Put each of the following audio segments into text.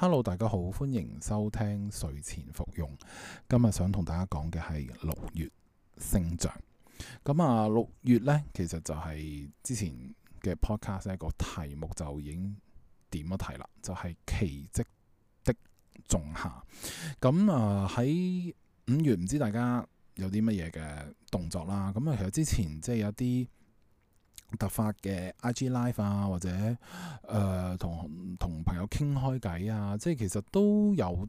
hello，大家好，歡迎收聽睡前服用。今日想同大家講嘅係六月星象。咁啊，六月咧，其實就係之前嘅 podcast 一個題目就已經點咗題啦，就係、是、奇跡的仲夏。咁啊，喺五月唔知大家有啲乜嘢嘅動作啦。咁啊，其實之前即係有啲。突發嘅 IG live 啊，或者誒同同朋友傾開偈啊，即係其實都有誒、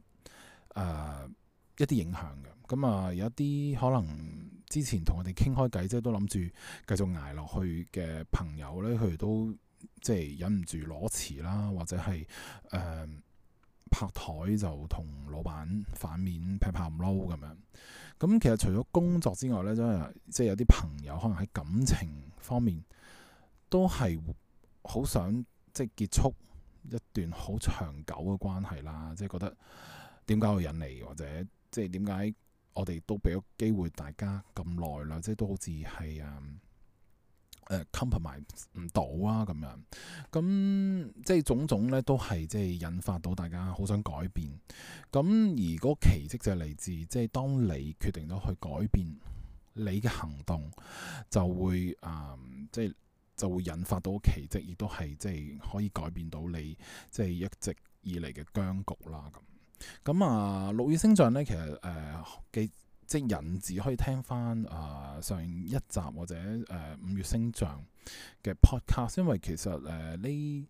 呃、一啲影響嘅。咁啊、呃，有一啲可能之前同我哋傾開偈，即係都諗住繼續捱落去嘅朋友咧，佢都即係忍唔住攞辭啦，或者係誒、呃、拍台就同老闆反面劈炮唔撈咁樣。咁其實除咗工作之外咧，真係即係有啲朋友可能喺感情方面。都係好想即係結束一段好長久嘅關係啦。即係覺得點解會引嚟，或者即係點解我哋都俾咗機會大家咁耐啦。即係都好似係誒誒 compromise 唔到啊，咁樣咁即係種種咧，都係即係引發到大家好想改變。咁如果奇蹟就係嚟自，即係當你決定咗去改變你嘅行動，就會誒、um，即係。就會引發到奇蹟，亦都係即係可以改變到你即係、就是、一直以嚟嘅僵局啦咁。咁啊，六月星象呢，其實誒既、呃、即係人字可以聽返誒、呃、上一集或者誒、呃、五月星象嘅 podcast，因為其實誒呢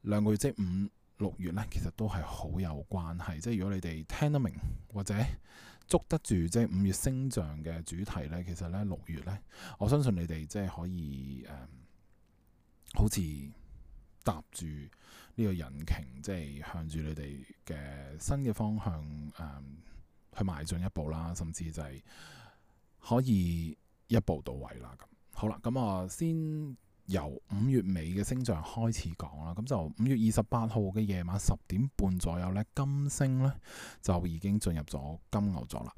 兩個月即五六月呢，其實都係好有關係。即係如果你哋聽得明或者捉得住即係五月星象嘅主題呢，其實呢六月呢，我相信你哋即係可以誒。呃好似搭住呢個引擎，即係向住你哋嘅新嘅方向誒、呃、去邁進一步啦，甚至就係可以一步到位啦咁。好啦，咁啊先由五月尾嘅星象開始講啦。咁就五月二十八號嘅夜晚十點半左右呢，金星呢就已經進入咗金牛座啦。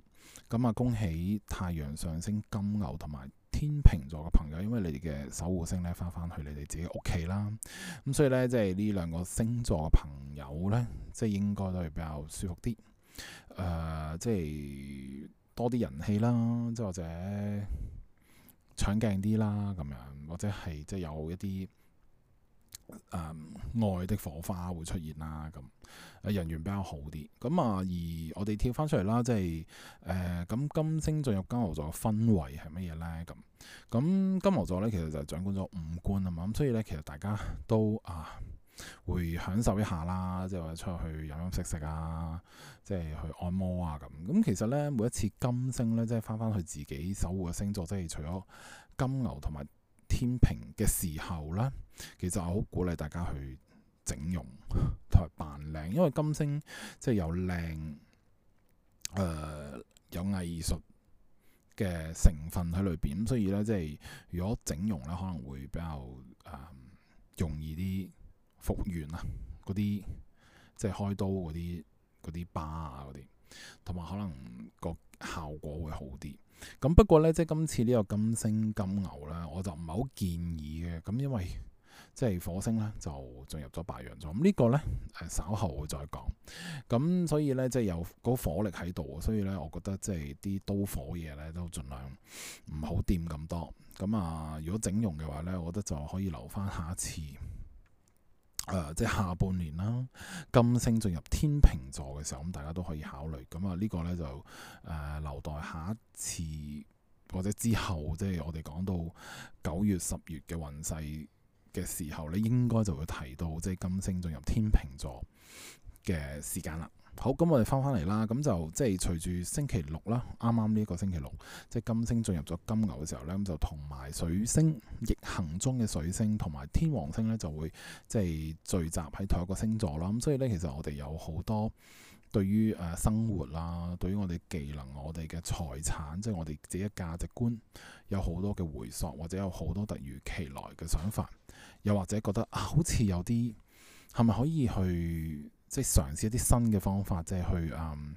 咁啊，恭喜太陽上升金牛同埋天秤座嘅朋友，因為你哋嘅守護星咧，翻翻去你哋自己屋企啦，咁所以咧，即係呢兩個星座嘅朋友咧，即係應該都係比較舒服啲，誒、呃，即係多啲人氣啦，即係或者搶鏡啲啦，咁樣或者係即係有一啲。誒、嗯，愛的火花會出現啦，咁誒人緣比較好啲。咁啊，而我哋跳翻出嚟啦，即係誒，咁、呃、金星進入金牛座嘅氛圍係乜嘢咧？咁，咁金牛座咧其實就掌管咗五官啊嘛，咁所以咧其實大家都啊會享受一下啦，即係話出去飲飲食食啊，即係去按摩啊咁。咁其實咧每一次金星咧，即係翻翻去自己守護嘅星座，即係除咗金牛同埋。天平嘅時候咧，其實我好鼓勵大家去整容同埋扮靚，因為金星即係有靚誒、呃、有藝術嘅成分喺裏邊，所以咧即係如果整容咧可能會比較誒、呃、容易啲復原啊，嗰啲即係開刀嗰啲嗰啲疤啊嗰啲，同埋可能個效果會好啲。咁不過咧，即係今次呢個金星金牛咧，我就唔係好建議嘅。咁因為即係火星咧就進入咗白羊座，咁、這個、呢個咧誒稍後會再講。咁所以咧即係有嗰火力喺度，所以咧我覺得即係啲刀火嘢咧都盡量唔好掂咁多。咁啊，如果整容嘅話咧，我覺得就可以留返下一次。誒、呃，即係下半年啦，金星進入天秤座嘅時候，咁大家都可以考慮。咁啊，呢個呢，就誒、呃、留待下一次或者之後，即係我哋講到九月、十月嘅運勢嘅時候咧，應該就會提到即係金星進入天秤座嘅時間啦。好，咁我哋翻翻嚟啦，咁就即係隨住星期六啦，啱啱呢個星期六，即係金星進入咗金牛嘅時候呢，咁就同埋水星逆行中嘅水星同埋天王星呢，就會即係聚集喺同一個星座啦。咁所以呢，其實我哋有好多對於誒生活啦，對於我哋技能、我哋嘅財產，即係我哋自己嘅價值觀，有好多嘅回溯，或者有好多突如其來嘅想法，又或者覺得好似有啲係咪可以去？即係嘗試一啲新嘅方法，即係去誒、嗯，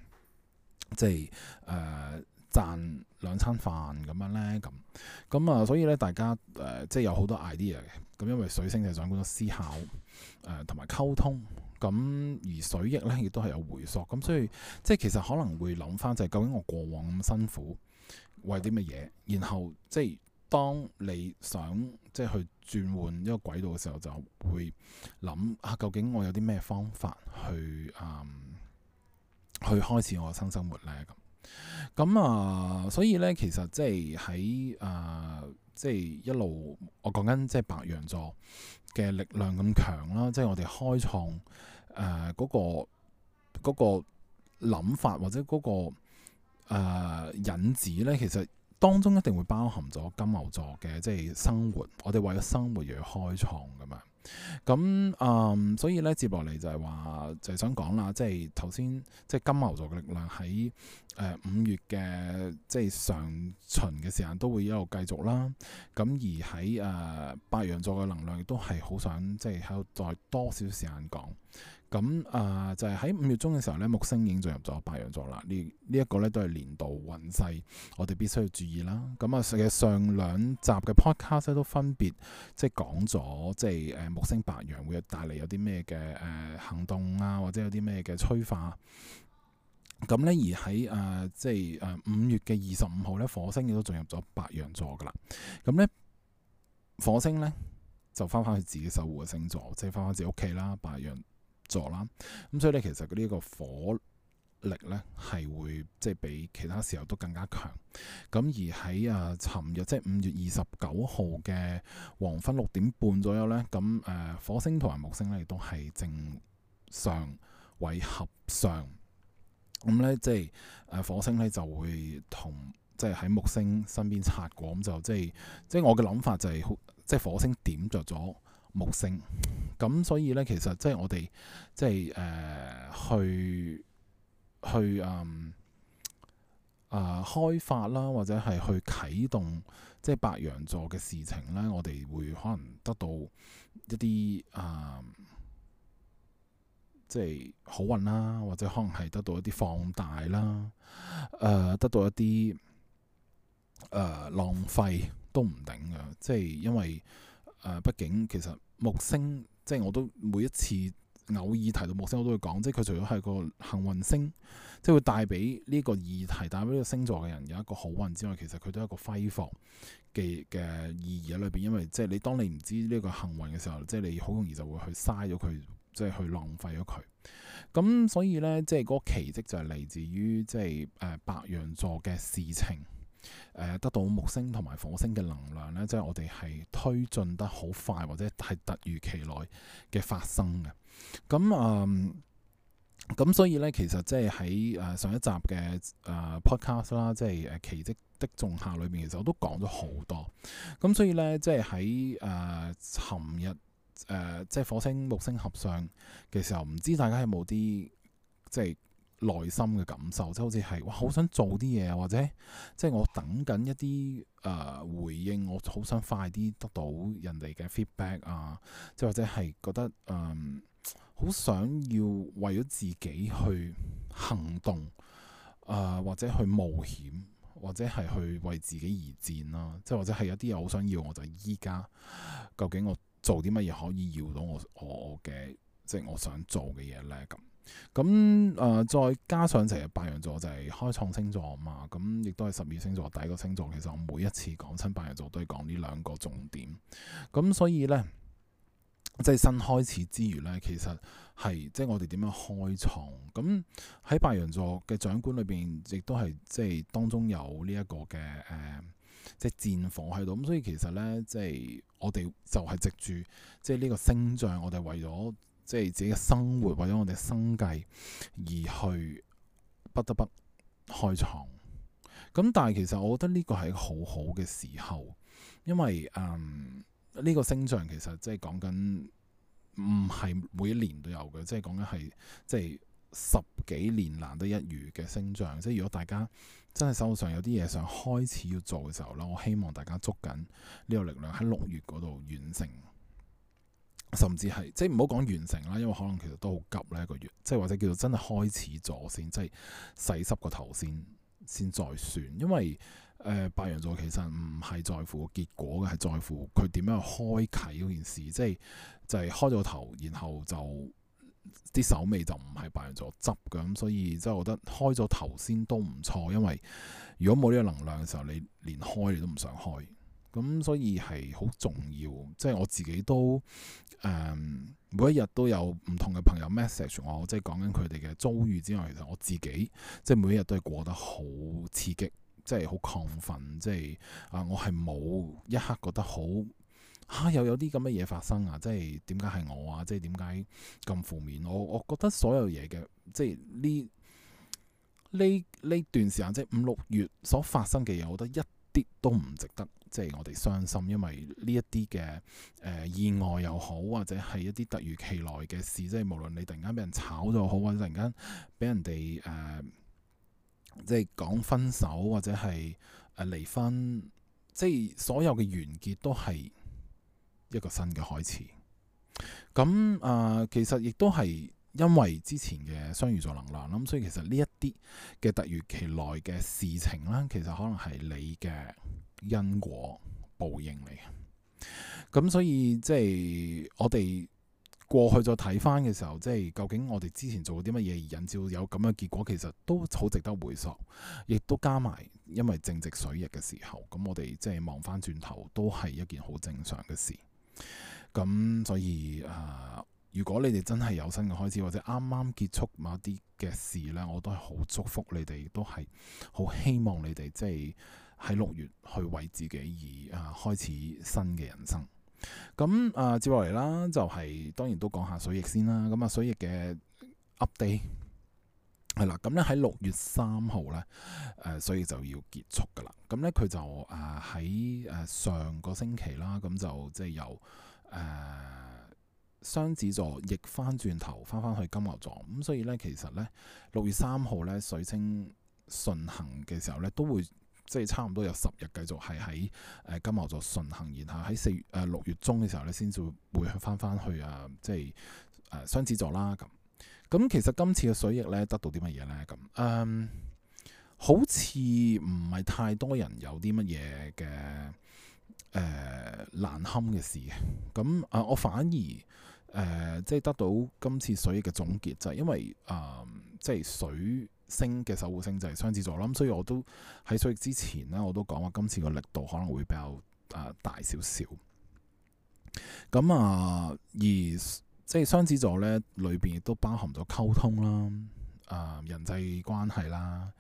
即係誒、呃、賺兩餐飯咁樣咧，咁咁啊，所以咧大家誒、呃，即係有好多 idea 嘅。咁因為水星就掌管咗思考誒同埋溝通，咁而水逆咧亦都係有回溯。咁、嗯、所以即係其實可能會諗翻就係究竟我過往咁辛苦為啲乜嘢，然後即係。當你想即係去轉換一個軌道嘅時候，就會諗啊，究竟我有啲咩方法去嗯去開始我嘅新生活咧？咁咁啊，所以咧，其實即係喺誒，即係一路我講緊即係白羊座嘅力量咁強啦，即係我哋開創誒嗰個嗰個諗法或者嗰個誒引子咧，其實。當中一定會包含咗金牛座嘅，即係生活。我哋為咗生活而去開創咁樣。咁啊、嗯，所以咧，接落嚟就係話，就係想講啦，即係頭先，即係金牛座嘅力量喺誒五月嘅，即係上旬嘅時間都會一路繼續啦。咁而喺誒白羊座嘅能量都係好想，即係喺度再多少時間講。咁啊、呃，就係喺五月中嘅時候咧，木星已經進入咗白羊座啦。呢呢一個咧都係年度運勢，我哋必須要注意啦。咁啊，其實上兩集嘅 podcast 都分別即係講咗，即係誒木星白羊會帶嚟有啲咩嘅誒行動啊，或者有啲咩嘅催化。咁咧，而喺誒即係誒五月嘅二十五號咧，火星亦都進入咗白羊座噶啦。咁咧，火星咧就翻返去自己守護嘅星座，即係翻返自己屋企啦，白羊。助啦，咁所以咧，其實佢呢一個火力咧係會即係比其他時候都更加強。咁而喺啊，尋日即係五月二十九號嘅黃昏六點半左右咧，咁誒，火星同埋木星咧亦都係正常位合上。咁咧即係誒，火星咧就會同即係喺木星身邊擦過，咁就即係即係我嘅諗法就係好，即係火星點着咗。木星，咁所以咧，其實即係我哋即係誒去去嗯啊開發啦，或者係去啟動即係白羊座嘅事情咧，我哋會可能得到一啲啊、呃、即係好運啦，或者可能係得到一啲放大啦，誒、呃、得到一啲誒、呃、浪費都唔頂嘅，即係因為。誒，畢竟其實木星，即係我都每一次偶爾提到木星，我都會講，即係佢除咗係個幸運星，即係會帶俾呢個議題，帶俾呢個星座嘅人有一個好運之外，其實佢都有一個揮霍嘅嘅意義喺裏邊。因為即係你當你唔知呢個幸運嘅時候，即係你好容易就會去嘥咗佢，即係去浪費咗佢。咁所以咧，即係嗰個奇蹟就係嚟自於即係誒白羊座嘅事情。誒，得到木星同埋火星嘅能量咧，即、就、係、是、我哋係推進得好快，或者係突如其來嘅發生嘅。咁啊，咁、嗯、所以咧，其實即係喺誒上一集嘅誒 podcast 啦，就是，即係誒奇蹟的種下裏面，其實我都講咗好多。咁所以咧，即係喺誒尋日誒，即、呃、係、就是、火星木星合相嘅時候，唔知大家有冇啲即係。就是內心嘅感受，即係好似係哇，好想做啲嘢啊，或者即係我等緊一啲誒、呃、回應，我好想快啲得到人哋嘅 feedback 啊，即係或者係覺得誒好、嗯、想要為咗自己去行動啊、呃，或者去冒險，或者係去為自己而戰啦，即係或者係一啲嘢好想要，我就依家究竟我做啲乜嘢可以要到我我嘅即係我想做嘅嘢咧咁。咁誒、呃，再加上成日白羊座就係開創星座嘛，咁亦都係十二星座第一個星座。其實我每一次講親白羊座，都係講呢兩個重點。咁所以呢，即係新開始之餘呢，其實係即係我哋點樣開創。咁喺白羊座嘅掌管裏邊，亦都係即係當中有呢一個嘅誒，即係戰火喺度。咁所以其實呢，即係我哋就係藉住即係呢個星象，我哋為咗。即係自己嘅生活，或者我哋嘅生計而去，不得不開創。咁但係其實我覺得呢個係好好嘅時候，因為嗯，呢個星象其實即係講緊唔係每年都有嘅，即係講緊係即係十幾年難得一遇嘅星象。即係如果大家真係手上有啲嘢想開始要做嘅時候啦，我希望大家捉緊呢個力量喺六月嗰度完成。甚至係即係唔好講完成啦，因為可能其實都好急呢一個月，即係或者叫做真係開始咗先，即係洗濕個頭先，先再算。因為誒、呃、白羊座其實唔係在乎結果嘅，係在乎佢點樣去開啟嗰件事，即係就係開咗頭，然後就啲手尾就唔係白羊座執咁，所以即係覺得開咗頭先都唔錯。因為如果冇呢個能量嘅時候，你連開你都唔想開。咁所以係好重要，即係我自己都誒，每一日都有唔同嘅朋友 message 我，即係講緊佢哋嘅遭遇之外，其實我自己即係每一日都係過得好刺激，即係好亢奮，即係啊！我係冇一刻覺得好，啊又有啲咁嘅嘢發生啊！即係點解係我啊？即係點解咁負面？我我覺得所有嘢嘅即係呢呢呢段時間即係五六月所發生嘅嘢，我覺得一啲都唔值得。即係我哋傷心，因為呢一啲嘅誒意外又好，或者係一啲突如其來嘅事，即係無論你突然間俾人炒咗好，或者突然間俾人哋誒、呃、即係講分手或者係誒離婚，即係所有嘅完結都係一個新嘅開始。咁啊、呃，其實亦都係因為之前嘅雙魚座能量，咁所以其實呢一啲嘅突如其來嘅事情啦，其實可能係你嘅。因果報應嚟嘅，咁所以即係我哋過去再睇翻嘅時候，即係究竟我哋之前做過啲乜嘢而引致有咁嘅結果，其實都好值得回溯，亦都加埋，因為正值水逆嘅時候，咁我哋即係望翻轉頭都係一件好正常嘅事。咁所以啊、呃，如果你哋真係有新嘅開始，或者啱啱結束某啲嘅事呢，我都係好祝福你哋，都係好希望你哋即係。喺六月去為自己而啊開始新嘅人生，咁啊、呃、接落嚟啦，就係、是、當然都講下水逆先啦。咁啊，水逆嘅 update 係啦，咁咧喺六月三號咧，誒所以就要結束㗎啦。咁咧佢就啊喺誒上個星期啦，咁就即係由誒雙子座逆翻轉頭，翻翻去金牛座。咁所以咧，其實咧六月三號咧水星順行嘅時候咧都會。即係差唔多有十日繼續係喺誒金牛座順行，然後喺四月誒呃、六月中嘅時候咧，先至會向翻翻去啊，即係誒、呃、雙子座啦。咁咁其實今次嘅水逆咧得到啲乜嘢咧？咁、嗯、誒好似唔係太多人有啲乜嘢嘅誒難堪嘅事嘅。咁啊，我反而誒、呃、即係得到今次水逆嘅總結就係、是、因為誒、呃、即係水。星嘅守護星就係雙子座啦，咁所以我都喺水逆之前咧，我都講話今次個力度可能會比較誒大少少。咁啊、呃，而即係雙子座咧，裏邊亦都包含咗溝通啦、誒、呃、人際關係啦、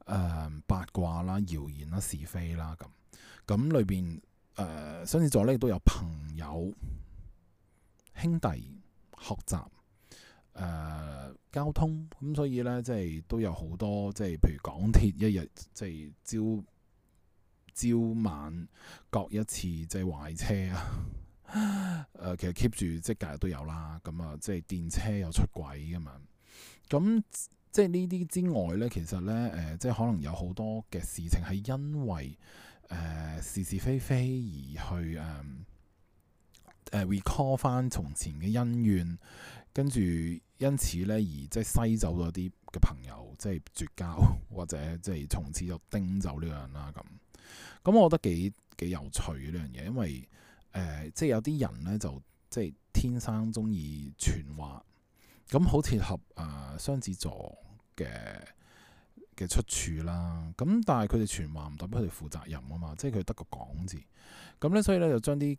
誒、呃、八卦啦、謠言啦、是非啦咁。咁裏邊誒雙子座咧亦都有朋友、兄弟、學習。誒、呃、交通咁，所以咧即係都有好多即係，譬如港鐵一日即係朝朝晚各一次，即係壞車啊！誒、 呃，其實 keep 住即係隔日都有啦。咁啊，即係電車又出軌㗎嘛。咁即係呢啲之外咧，其實咧誒、呃，即係可能有好多嘅事情係因為誒、呃、是是非非而去誒誒、呃、recall 翻從前嘅恩怨，跟住。因此咧，而即係篩走咗啲嘅朋友，即係絕交，或者即係從此就叮走呢個人啦咁。咁我覺得幾幾有趣呢樣嘢，因為誒、呃、即係有啲人咧就即係天生中意傳話，咁好似合啊雙子座嘅嘅出處啦。咁但係佢哋傳話唔代表佢哋負責任啊嘛，即係佢得個講字。咁咧，所以咧就將啲，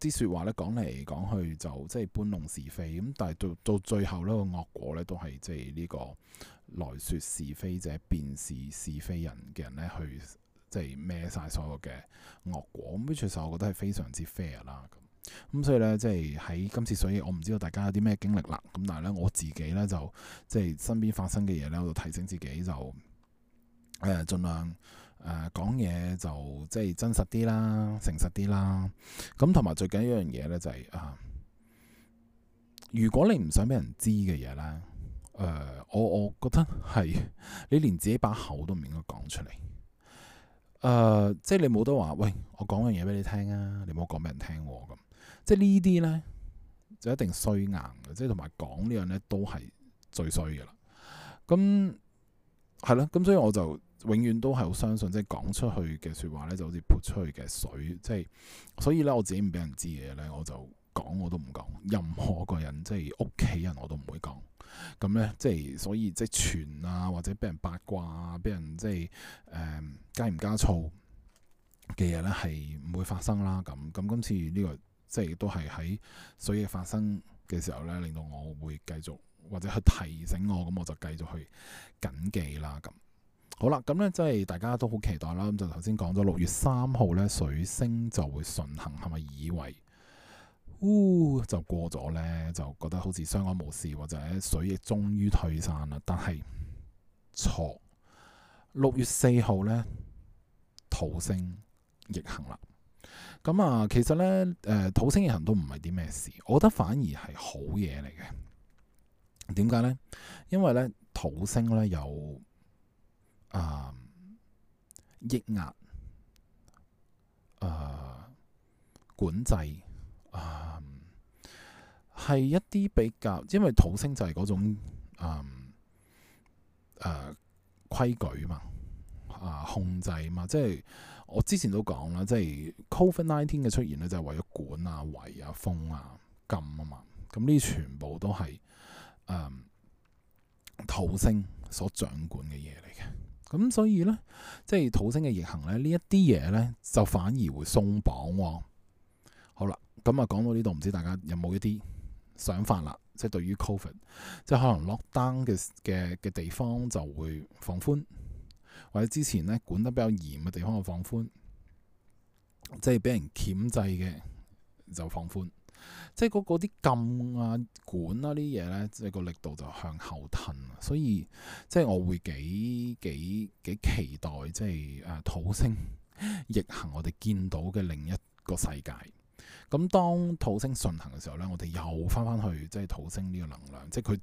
啲說話咧講嚟講去就即係搬弄是非咁，但係到到最後呢個惡果咧，都係即係呢個來說是非者便是是非人嘅人咧，去即係孭晒所有嘅惡果咁。呢其實我覺得係非常之 fair 啦。咁咁所以咧，即係喺今次，所以我唔知道大家有啲咩經歷啦。咁但係咧，我自己咧就即係身邊發生嘅嘢咧，我就提醒自己就誒、哎、盡量。誒、呃、講嘢就即係真實啲啦，誠實啲啦。咁同埋最緊要一樣嘢咧，就係啊，如果你唔想俾人知嘅嘢咧，誒、呃，我我覺得係 你連自己把口都唔應該講出嚟。誒、呃，即係你冇得話，喂，我講樣嘢俾你聽啊，你唔好講俾人聽喎、啊。咁即係呢啲咧，就一定衰硬嘅。即係同埋講呢樣咧，都係最衰嘅啦。咁係咯，咁所以我就。永遠都係好相信，即係講出去嘅説話咧，就好似潑出去嘅水。即係，所以咧我自己唔俾人知嘅咧，我就講我都唔講。任何個人，即係屋企人，我都唔會講。咁咧，即係所以即係傳啊，或者俾人八卦啊，俾人即係誒、呃、加唔加醋嘅嘢咧，係唔會發生啦。咁咁今次呢個即係都係喺水嘅發生嘅時候咧，令到我會繼續或者去提醒我，咁我就繼續去緊記啦。咁。好啦，咁咧即係大家都好期待啦。咁就頭先講咗六月三號咧，水星就會順行，係咪以為？喎、呃、就過咗咧，就覺得好似相安無事或者水逆終於退散啦。但係錯，六月四號咧，土星逆行啦。咁、嗯、啊，其實咧誒土星逆行都唔係啲咩事，我覺得反而係好嘢嚟嘅。點解咧？因為咧土星咧有。抑、啊、壓啊，管制啊，係一啲比較，因為土星就係嗰種啊，誒、啊、規矩嘛，啊控制嘛，即係我之前都講啦，即係 Covid nineteen 嘅出現咧，就係為咗管啊、圍啊、封啊、禁啊嘛，咁呢啲全部都係、啊、土星所掌管嘅嘢嚟嘅。咁所以咧，即係土星嘅逆行咧，呢一啲嘢咧就反而會鬆綁喎。好啦，咁啊講到呢度，唔知大家有冇一啲想法啦？即係對於 Covid，即係可能 lockdown 嘅嘅嘅地方就會放寬，或者之前咧管得比較嚴嘅地方嘅放寬，即係俾人鉗制嘅就放寬。即係嗰啲禁啊、管啊啲嘢咧，即係個力度就向後褪，所以即係我會幾幾幾期待，即係誒、啊、土星逆行，我哋見到嘅另一個世界。咁當土星順行嘅時候咧，我哋又翻翻去即係土星呢個能量，即係佢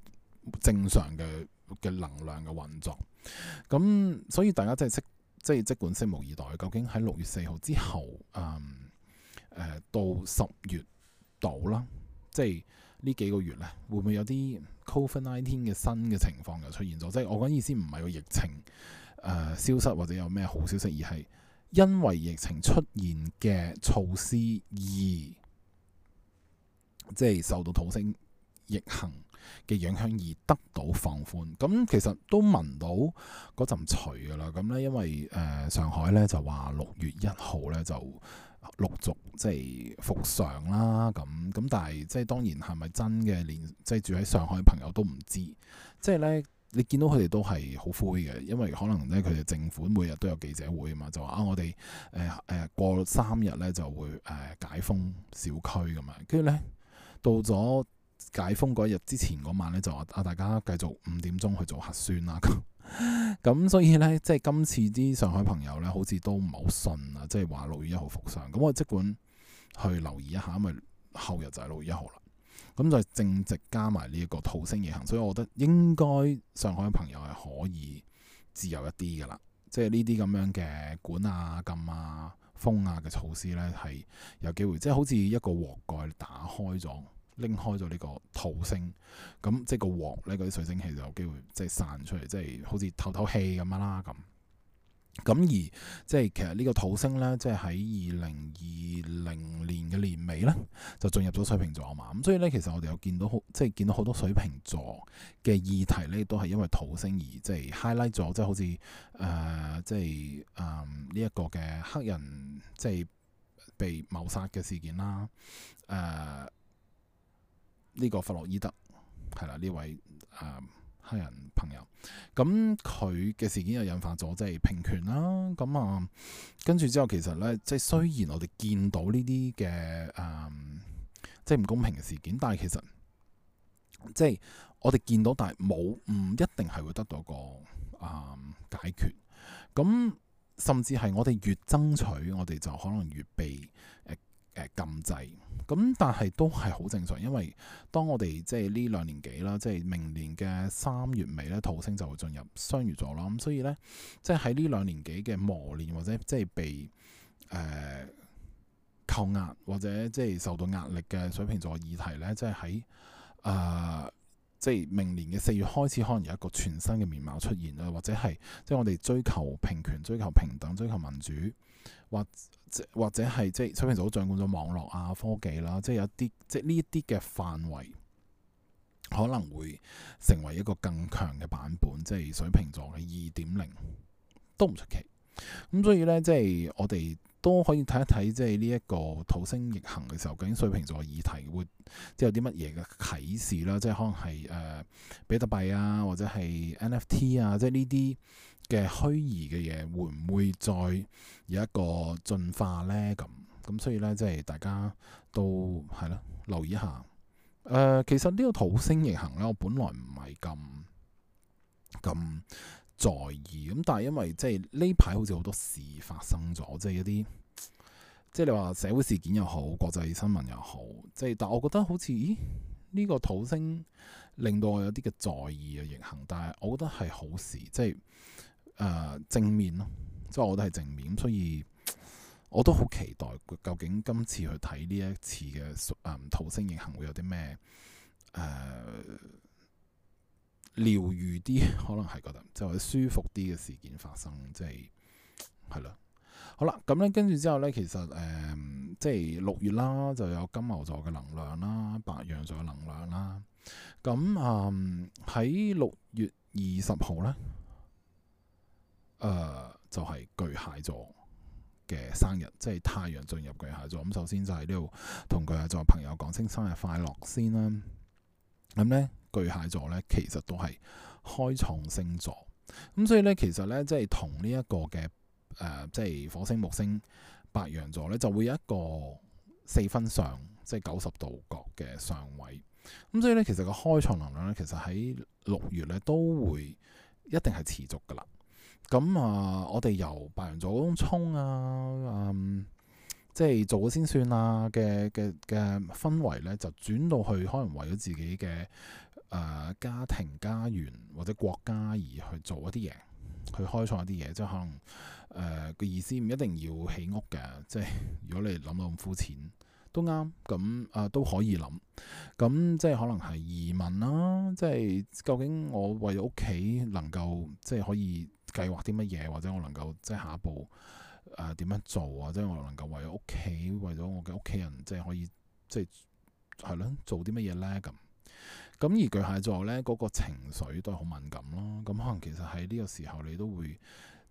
正常嘅嘅能量嘅運作。咁所以大家即係識即係即管拭目以待，究竟喺六月四號之後，誒、嗯、誒、呃、到十月。到啦，即係呢幾個月咧，會唔會有啲 COVID-19 嘅新嘅情況又出現咗？即係我講意思唔係個疫情誒、呃、消失或者有咩好消息，而係因為疫情出現嘅措施而即係受到土星逆行嘅影響而得到放寬。咁、嗯、其實都聞到嗰陣除噶啦。咁、嗯、咧，因為誒、呃、上海咧就話六月一號咧就陸續即係復常啦，咁咁但係即係當然係咪真嘅？連即係住喺上海嘅朋友都唔知，即係咧你見到佢哋都係好灰嘅，因為可能咧佢哋政府每日都有記者會啊嘛，就話啊我哋誒誒過三日咧就會誒解封小區咁樣，跟住咧到咗解封嗰日之前嗰晚咧就話啊大家繼續五點鐘去做核酸啦咁。咁所以呢，即係今次啲上海朋友呢，好似都唔係好信啊，即係話六月一號復上。咁我即管去留意一下，因為後日就係六月一號啦。咁就正值加埋呢一個土星逆行，所以我覺得應該上海嘅朋友係可以自由一啲噶啦。即係呢啲咁樣嘅管啊、禁啊、封啊嘅措施呢，係有機會，即係好似一個鍋蓋打開咗。拎開咗呢個土星，咁即係個黃咧，嗰啲水蒸氣就有機會即係散出嚟，即係好似透透氣咁樣啦咁。咁而即係其實呢個土星咧，即係喺二零二零年嘅年尾咧，就進入咗水瓶座啊嘛。咁所以咧，其實我哋又見到好，即係見到好多水瓶座嘅議題咧，都係因為土星而即係 highlight 咗，即係好似誒、呃，即係誒呢一個嘅黑人即係被謀殺嘅事件啦，誒、呃。呢個弗洛伊德係啦，呢位誒、呃、黑人朋友，咁佢嘅事件又引發咗即係平權啦。咁、嗯、啊，跟住之後其實咧，即係雖然我哋見到呢啲嘅誒，即係唔公平嘅事件，但係其實即係我哋見到，但係冇唔一定係會得到個誒、嗯、解決。咁、嗯、甚至係我哋越爭取，我哋就可能越被誒。呃禁制，咁但係都係好正常，因為當我哋即係呢兩年幾啦，即係明年嘅三月尾咧，土星就會進入雙魚座啦，咁所以呢，即係喺呢兩年幾嘅磨練或者即係被誒扣押，或者即係受到壓力嘅水瓶座議題呢，即係喺誒。呃即係明年嘅四月開始，可能有一個全新嘅面貌出現啦，或者係即係我哋追求平權、追求平等、追求民主，或者或者係即係水瓶座掌管咗網絡啊、科技啦，即係有啲即係呢一啲嘅範圍可能會成為一個更強嘅版本，即係水瓶座嘅二點零都唔出奇。咁所以咧，即係我哋。都可以睇一睇，即係呢一個土星逆行嘅時候，究竟水瓶座議題會即係有啲乜嘢嘅啟示啦？即係可能係誒、呃、比特幣啊，或者係 NFT 啊，即係呢啲嘅虛擬嘅嘢，會唔會再有一個進化咧？咁，咁，所以咧，即係大家都係咯，留意一下誒、呃。其實呢個土星逆行咧，我本來唔係咁咁，在意咁，但係因為即係呢排好似好多事發生咗，即係一啲即係你話社會事件又好，國際新聞又好，即係但係我覺得好似咦、呢、這個土星令到我有啲嘅在意嘅逆行，但係我覺得係好事，即係誒、呃、正面咯，即係我覺得係正面，所以我都好期待究竟今次去睇呢一次嘅誒、嗯、土星逆行會有啲咩誒？呃療愈啲，可能係覺得，就係舒服啲嘅事件發生，即係係咯。好啦，咁咧跟住之後咧，其實誒、呃，即係六月啦，就有金牛座嘅能量啦，白羊座嘅能量啦。咁啊，喺、呃、六月二十號咧，誒、呃，就係、是、巨蟹座嘅生日，即係太陽進入巨蟹座。咁首先就係呢度，同巨蟹座朋友講聲生日快樂先啦。咁咧巨蟹座咧，其實都係開創星座，咁所以咧，其實咧即係同呢一個嘅誒、呃，即係火星木星白羊座咧，就會有一個四分相，即係九十度角嘅相位，咁所以咧，其實個開創能量咧，其實喺六月咧都會一定係持續㗎喇。咁啊，我哋由白羊座嗰種衝啊，嗯即係做咗先算喇嘅嘅嘅氛圍呢，就轉到去可能為咗自己嘅誒、呃、家庭家園或者國家而去做一啲嘢，去開創一啲嘢，即係可能誒個、呃、意思唔一定要起屋嘅，即係如果你諗到咁膚淺都啱，咁啊、呃、都可以諗，咁即係可能係移民啦，即係究竟我為咗屋企能夠即係可以計劃啲乜嘢，或者我能夠即係下一步。誒點、呃、樣做啊？即係我能夠為屋企，為咗我嘅屋企人，即係可以即係係咯，做啲乜嘢咧咁？咁而巨蟹座咧，嗰、那個情緒都係好敏感咯。咁、嗯、可能其實喺呢個時候，你都會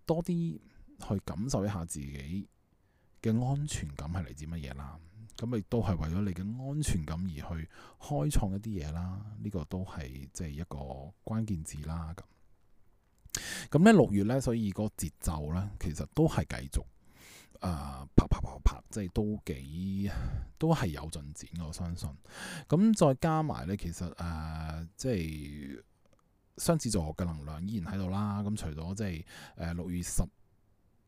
多啲去感受一下自己嘅安全感係嚟自乜嘢啦。咁、嗯、亦都係為咗你嘅安全感而去開創一啲嘢啦。呢、這個都係即係一個關鍵字啦。咁咁咧六月咧，所以個節奏咧，其實都係繼續。啊、呃，啪啪啪啪，即係都幾，都係有進展，我相信。咁、嗯、再加埋咧，其實誒、呃，即係雙子座嘅能量依然喺度啦。咁、嗯、除咗即係誒六月十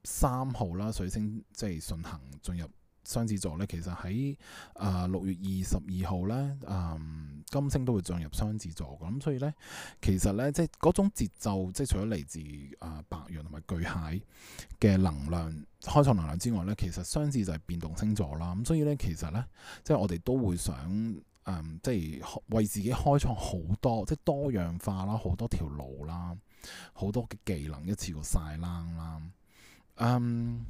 三號啦，水星即係順行進入雙子座咧，其實喺啊六月二十二號咧，嗯、呃、金星都會進入雙子座嘅。咁、嗯、所以咧，其實咧，即係嗰種節奏，即係除咗嚟自啊、呃、白羊。巨蟹嘅能量，開創能量之外咧，其實雙子就係變動星座啦，咁所以咧，其實咧，即係我哋都會想，誒、嗯，即係為自己開創好多，即係多樣化啦，好多條路啦，好多嘅技能，一次過晒啦，嗯，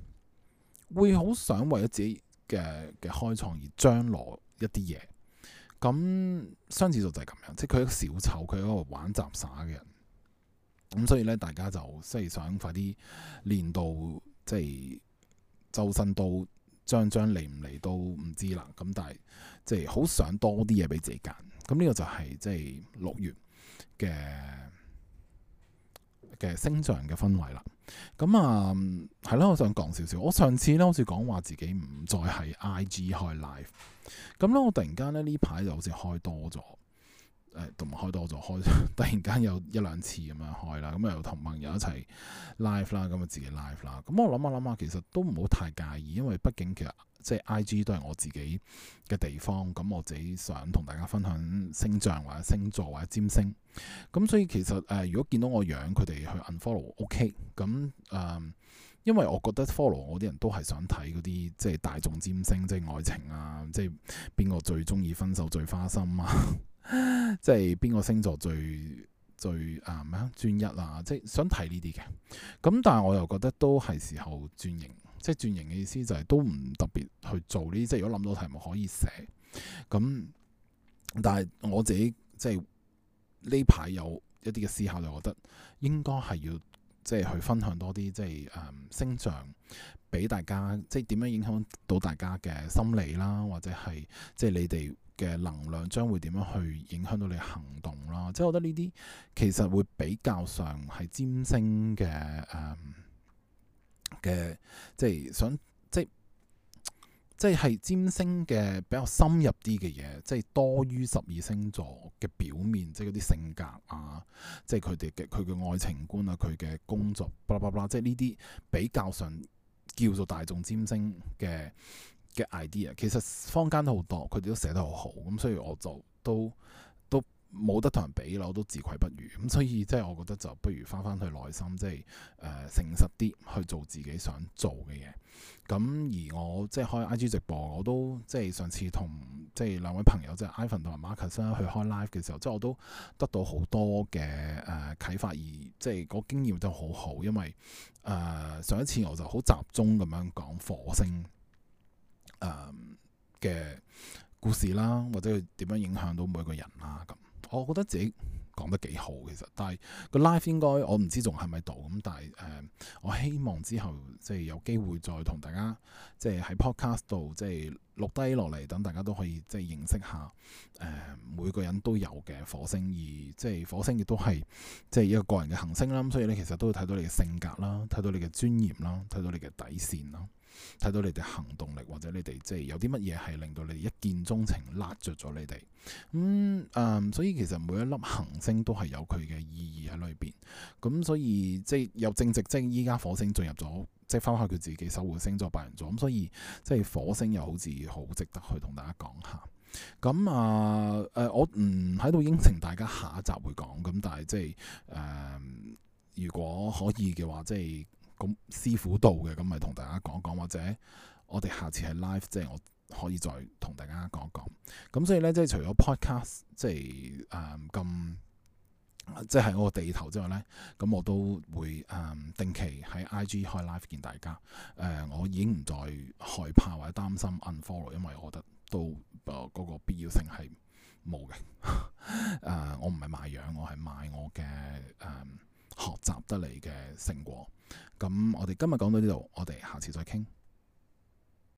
會好想為咗自己嘅嘅開創而張羅一啲嘢，咁雙子座就係咁樣，即係佢係一個小丑，佢一個玩雜耍嘅人。咁所以咧，大家就即係想快啲練到，即係周身都，將將嚟唔嚟都唔知啦。咁但係即係好想多啲嘢俾自己揀。咁呢個就係即係六月嘅嘅星象嘅氛圍啦。咁、嗯、啊，係啦，我想講少少。我上次咧好似講話自己唔再喺 IG 開 live，咁咧我突然間咧呢排就好似開多咗。誒同埋開多咗開，突然間有一兩次咁樣開啦。咁又同朋友一齊 live 啦，咁啊自己 live 啦。咁、嗯、我諗下諗下，其實都唔好太介意，因為畢竟其實即係、就是、I G 都係我自己嘅地方。咁我自己想同大家分享星象或者星座或者占星。咁所以其實誒、呃，如果見到我樣，佢哋去 unfollow OK，咁誒、呃，因為我覺得 follow 我啲人都係想睇嗰啲即係大眾占星，即、就、係、是、愛情啊，即係邊個最中意分手最花心啊。 即係邊個星座最最啊咩專一啊？即係想睇呢啲嘅，咁但係我又覺得都係時候轉型，即係轉型嘅意思就係都唔特別去做呢啲。即係如果諗到題目可以寫，咁但係我自己即係呢排有一啲嘅思考，就覺得應該係要。即係去分享多啲，即係誒、嗯、星象俾大家，即係點樣影響到大家嘅心理啦，或者係即係你哋嘅能量將會點樣去影響到你行動啦。即係我覺得呢啲其實會比較上係占星嘅誒嘅，即係想即係。即係占星嘅比較深入啲嘅嘢，即係多於十二星座嘅表面，即係嗰啲性格啊，即係佢哋嘅佢嘅愛情觀啊，佢嘅工作，巴啦巴啦，即係呢啲比較上叫做大眾占星嘅嘅 idea。其實坊間都好多，佢哋都寫得好好，咁所以我就都。冇得同人比啦，我都自愧不如咁，所以即係我覺得就不如翻翻去內心，即係誒誠實啲去做自己想做嘅嘢。咁而我即係開 IG 直播，我都即係上次同即係兩位朋友即係 Ivan 同埋 Marcus 去開 live 嘅時候，即係我都得到好多嘅誒啟發而，而即係個經驗就好好，因為誒、呃、上一次我就好集中咁樣講火星誒嘅、呃、故事啦，或者點樣影響到每個人啦、啊、咁。我覺得自己講得幾好，其實，但係個 life 應該我唔知仲係咪到咁，但係誒、呃，我希望之後即係有機會再同大家即係喺 podcast 度即係錄低落嚟，等大家都可以即係認識下誒、呃、每個人都有嘅火星，而即係火星亦都係即係一個個人嘅行星啦。咁所以咧，其實都會睇到你嘅性格啦，睇到你嘅尊嚴啦，睇到你嘅底線啦。睇到你哋行動力，或者你哋即係有啲乜嘢係令到你一見鍾情，拉著咗你哋。咁，嗯，所以其實每一粒行星都係有佢嘅意義喺裏邊。咁、嗯、所以即係又正值，即係依家火星進入咗，即係翻返佢自己守護星座白羊座。咁、嗯、所以即係火星又好似好值得去同大家講下。咁、嗯、啊，誒、嗯，我唔喺度應承大家下一集會講。咁但係即係誒、嗯，如果可以嘅話，即係。咁師傅度嘅，咁咪同大家講講，或者我哋下次係 live，即係我可以再同大家講一講。咁所以咧，即係除咗 podcast，即係誒咁，即係我個地頭之外咧，咁我都會誒、呃、定期喺 IG 開 live 見大家。誒、呃，我已經唔再害怕或者擔心 unfollow，因為我覺得都誒嗰、呃那個必要性係冇嘅。誒、 呃，我唔係賣樣，我係賣我嘅誒、呃、學習得嚟嘅成果。咁我哋今日講到呢度，我哋下次再傾。